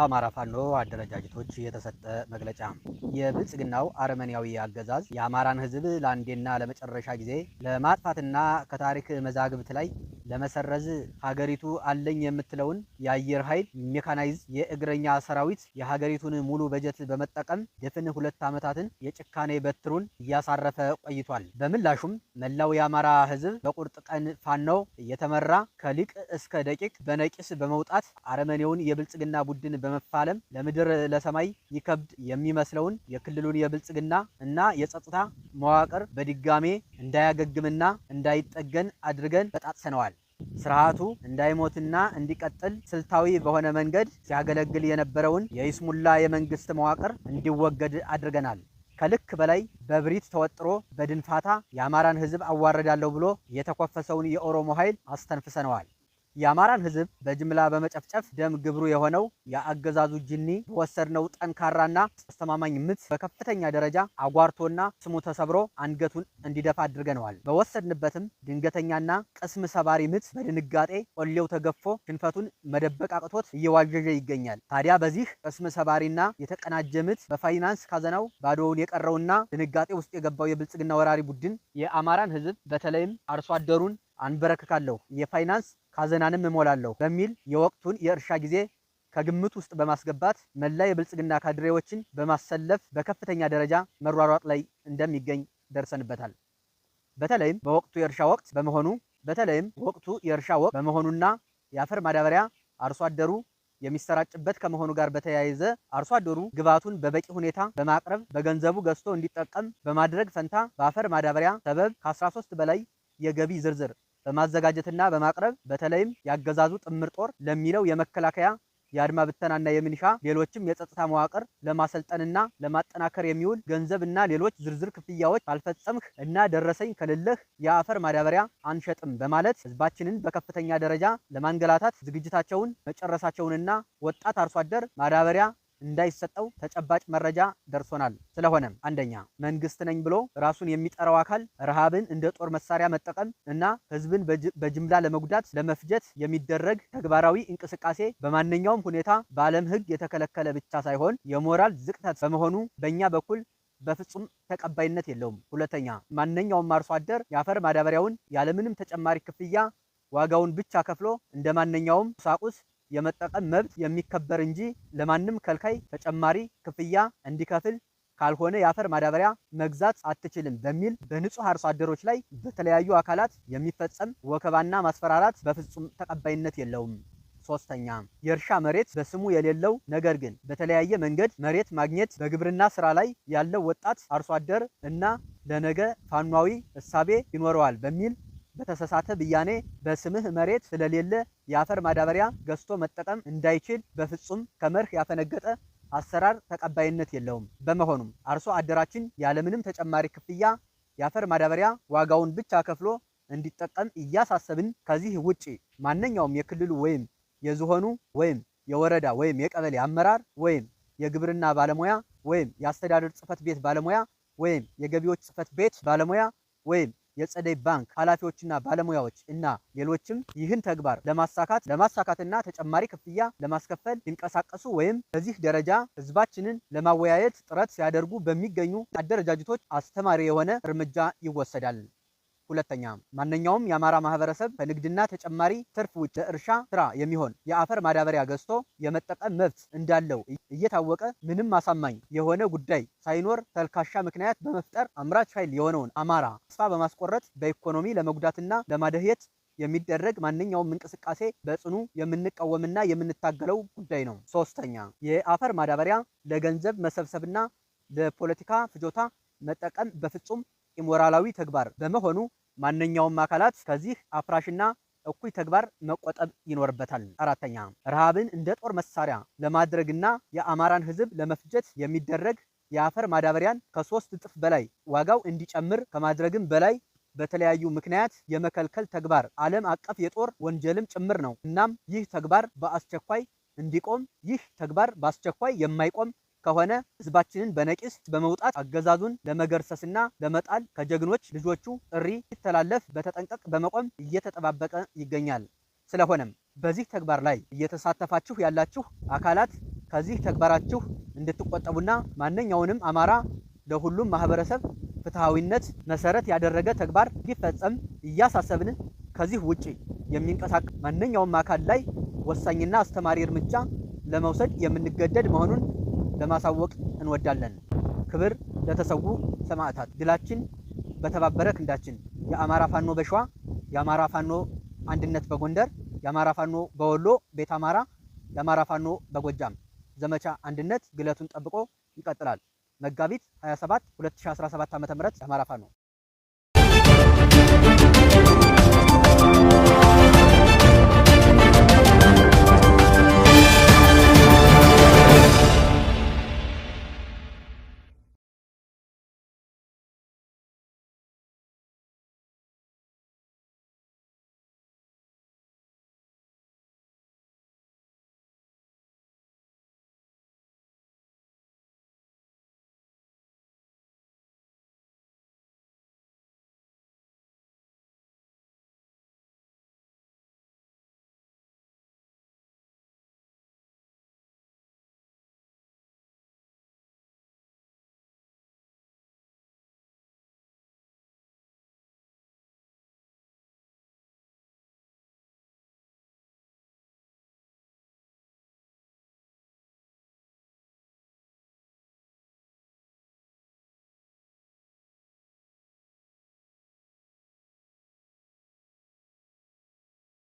ለአማራ ፋኖ አደረጃጀቶች የተሰጠ መግለጫ። የብልጽግናው አረመኔያዊ አገዛዝ የአማራን ሕዝብ ለአንዴና ለመጨረሻ ጊዜ ለማጥፋትና ከታሪክ መዛግብት ላይ ለመሰረዝ ሀገሪቱ አለኝ የምትለውን የአየር ኃይል፣ ሜካናይዝ፣ የእግረኛ ሰራዊት የሀገሪቱን ሙሉ በጀት በመጠቀም ድፍን ሁለት ዓመታትን የጭካኔ በትሩን እያሳረፈ ቆይቷል። በምላሹም መላው የአማራ ህዝብ በቁርጥ ቀን ፋኖ እየተመራ ከሊቅ እስከ ደቂቅ በነቂስ በመውጣት አረመኔውን የብልጽግና ቡድን በመፋለም ለምድር ለሰማይ ይከብድ የሚመስለውን የክልሉን የብልጽግና እና የጸጥታ መዋቅር በድጋሜ እንዳያገግምና እንዳይጠገን አድርገን በጣጥሰነዋል። ስርዓቱ እንዳይሞትና እንዲቀጥል ስልታዊ በሆነ መንገድ ሲያገለግል የነበረውን የይስሙላ የመንግስት መዋቅር እንዲወገድ አድርገናል። ከልክ በላይ በብሪት ተወጥሮ በድንፋታ የአማራን ህዝብ አዋረዳለሁ ብሎ የተኮፈሰውን የኦሮሞ ኃይል አስተንፍሰነዋል። የአማራን ህዝብ በጅምላ በመጨፍጨፍ ደም ግብሩ የሆነው የአገዛዙ ጅኒ በወሰድነው ጠንካራና አስተማማኝ ምት በከፍተኛ ደረጃ አጓርቶና ስሙ ተሰብሮ አንገቱን እንዲደፋ አድርገነዋል። በወሰድንበትም ድንገተኛና ቅስም ሰባሪ ምት በድንጋጤ ቆሌው ተገፎ ሽንፈቱን መደበቅ አቅቶት እየዋዠዠ ይገኛል። ታዲያ በዚህ ቅስም ሰባሪና የተቀናጀ ምት በፋይናንስ ካዘናው ባዶውን የቀረውና ድንጋጤ ውስጥ የገባው የብልጽግና ወራሪ ቡድን የአማራን ህዝብ በተለይም አርሶ አደሩን አንበረክካለሁ የፋይናንስ ካዘናንም እሞላለሁ በሚል የወቅቱን የእርሻ ጊዜ ከግምት ውስጥ በማስገባት መላ የብልጽግና ካድሬዎችን በማሰለፍ በከፍተኛ ደረጃ መሯሯጥ ላይ እንደሚገኝ ደርሰንበታል። በተለይም በወቅቱ የእርሻ ወቅት በመሆኑ በተለይም ወቅቱ የእርሻ ወቅት በመሆኑና የአፈር ማዳበሪያ አርሶ አደሩ የሚሰራጭበት ከመሆኑ ጋር በተያያዘ አርሶ አደሩ ግብዓቱን በበቂ ሁኔታ በማቅረብ በገንዘቡ ገዝቶ እንዲጠቀም በማድረግ ፈንታ በአፈር ማዳበሪያ ሰበብ ከ13 በላይ የገቢ ዝርዝር በማዘጋጀትና በማቅረብ በተለይም ያገዛዙ ጥምር ጦር ለሚለው የመከላከያ የአድማ ብተናና የሚኒሻ ሌሎችም የጸጥታ መዋቅር ለማሰልጠንና ለማጠናከር የሚውል ገንዘብ እና ሌሎች ዝርዝር ክፍያዎች ካልፈጸምህ እና ደረሰኝ ከሌለህ የአፈር ማዳበሪያ አንሸጥም በማለት ህዝባችንን በከፍተኛ ደረጃ ለማንገላታት ዝግጅታቸውን መጨረሳቸውንና ወጣት አርሶ አደር ማዳበሪያ እንዳይሰጠው ተጨባጭ መረጃ ደርሶናል። ስለሆነም አንደኛ መንግስት ነኝ ብሎ ራሱን የሚጠራው አካል ረሃብን እንደ ጦር መሳሪያ መጠቀም እና ህዝብን በጅምላ ለመጉዳት ለመፍጀት የሚደረግ ተግባራዊ እንቅስቃሴ በማንኛውም ሁኔታ በዓለም ህግ የተከለከለ ብቻ ሳይሆን የሞራል ዝቅተት በመሆኑ በእኛ በኩል በፍጹም ተቀባይነት የለውም። ሁለተኛ ማንኛውም አርሶ አደር የአፈር ማዳበሪያውን ያለምንም ተጨማሪ ክፍያ ዋጋውን ብቻ ከፍሎ እንደ ማንኛውም ቁሳቁስ የመጠቀም መብት የሚከበር እንጂ ለማንም ከልካይ ተጨማሪ ክፍያ እንዲከፍል ካልሆነ የአፈር ማዳበሪያ መግዛት አትችልም በሚል በንጹህ አርሶ አደሮች ላይ በተለያዩ አካላት የሚፈጸም ወከባና ማስፈራራት በፍጹም ተቀባይነት የለውም። ሶስተኛ የእርሻ መሬት በስሙ የሌለው ነገር ግን በተለያየ መንገድ መሬት ማግኘት በግብርና ስራ ላይ ያለው ወጣት አርሶ አደር እና ለነገ ፋኗዊ እሳቤ ይኖረዋል በሚል በተሳሳተ ብያኔ በስምህ መሬት ስለሌለ የአፈር ማዳበሪያ ገዝቶ መጠቀም እንዳይችል በፍጹም ከመርህ ያፈነገጠ አሰራር ተቀባይነት የለውም። በመሆኑም አርሶ አደራችን ያለምንም ተጨማሪ ክፍያ የአፈር ማዳበሪያ ዋጋውን ብቻ ከፍሎ እንዲጠቀም እያሳሰብን ከዚህ ውጪ ማንኛውም የክልሉ ወይም የዝሆኑ ወይም የወረዳ ወይም የቀበሌ አመራር ወይም የግብርና ባለሙያ ወይም የአስተዳደር ጽህፈት ቤት ባለሙያ ወይም የገቢዎች ጽህፈት ቤት ባለሙያ ወይም የፀደይ ባንክ ኃላፊዎችና ባለሙያዎች እና ሌሎችም ይህን ተግባር ለማሳካት ለማሳካትና ተጨማሪ ክፍያ ለማስከፈል ሊንቀሳቀሱ ወይም በዚህ ደረጃ ህዝባችንን ለማወያየት ጥረት ሲያደርጉ በሚገኙ አደረጃጀቶች አስተማሪ የሆነ እርምጃ ይወሰዳል። ሁለተኛ ማንኛውም የአማራ ማህበረሰብ ከንግድና ተጨማሪ ትርፍ ውጭ ለእርሻ ስራ የሚሆን የአፈር ማዳበሪያ ገዝቶ የመጠቀም መብት እንዳለው እየታወቀ ምንም አሳማኝ የሆነ ጉዳይ ሳይኖር ተልካሻ ምክንያት በመፍጠር አምራች ኃይል የሆነውን አማራ ተስፋ በማስቆረጥ በኢኮኖሚ ለመጉዳትና ለማደህየት የሚደረግ ማንኛውም እንቅስቃሴ በጽኑ የምንቃወምና የምንታገለው ጉዳይ ነው። ሶስተኛ የአፈር ማዳበሪያ ለገንዘብ መሰብሰብና ለፖለቲካ ፍጆታ መጠቀም በፍጹም ኢሞራላዊ ተግባር በመሆኑ ማንኛውም አካላት ከዚህ አፍራሽና እኩይ ተግባር መቆጠብ ይኖርበታል። አራተኛ ረሃብን እንደ ጦር መሳሪያ ለማድረግና የአማራን ሕዝብ ለመፍጀት የሚደረግ የአፈር ማዳበሪያን ከሶስት እጥፍ በላይ ዋጋው እንዲጨምር ከማድረግም በላይ በተለያዩ ምክንያት የመከልከል ተግባር ዓለም አቀፍ የጦር ወንጀልም ጭምር ነው። እናም ይህ ተግባር በአስቸኳይ እንዲቆም ይህ ተግባር በአስቸኳይ የማይቆም ከሆነ ህዝባችንን በነቂስ በመውጣት አገዛዙን ለመገርሰስና ለመጣል ከጀግኖች ልጆቹ ጥሪ ሲተላለፍ በተጠንቀቅ በመቆም እየተጠባበቀ ይገኛል። ስለሆነም በዚህ ተግባር ላይ እየተሳተፋችሁ ያላችሁ አካላት ከዚህ ተግባራችሁ እንድትቆጠቡና ማንኛውንም አማራ ለሁሉም ማህበረሰብ ፍትሐዊነት መሰረት ያደረገ ተግባር እንዲፈጸም እያሳሰብን ከዚህ ውጪ የሚንቀሳቀስ ማንኛውም አካል ላይ ወሳኝና አስተማሪ እርምጃ ለመውሰድ የምንገደድ መሆኑን ለማሳወቅ እንወዳለን። ክብር ለተሰዉ ሰማዕታት። ድላችን በተባበረ ክንዳችን። የአማራ ፋኖ በሸዋ፣ የአማራ ፋኖ አንድነት በጎንደር፣ የአማራ ፋኖ በወሎ ቤት አማራ፣ የአማራ ፋኖ በጎጃም ዘመቻ አንድነት ግለቱን ጠብቆ ይቀጥላል። መጋቢት 27 2017 ዓ.ም የአማራ ፋኖ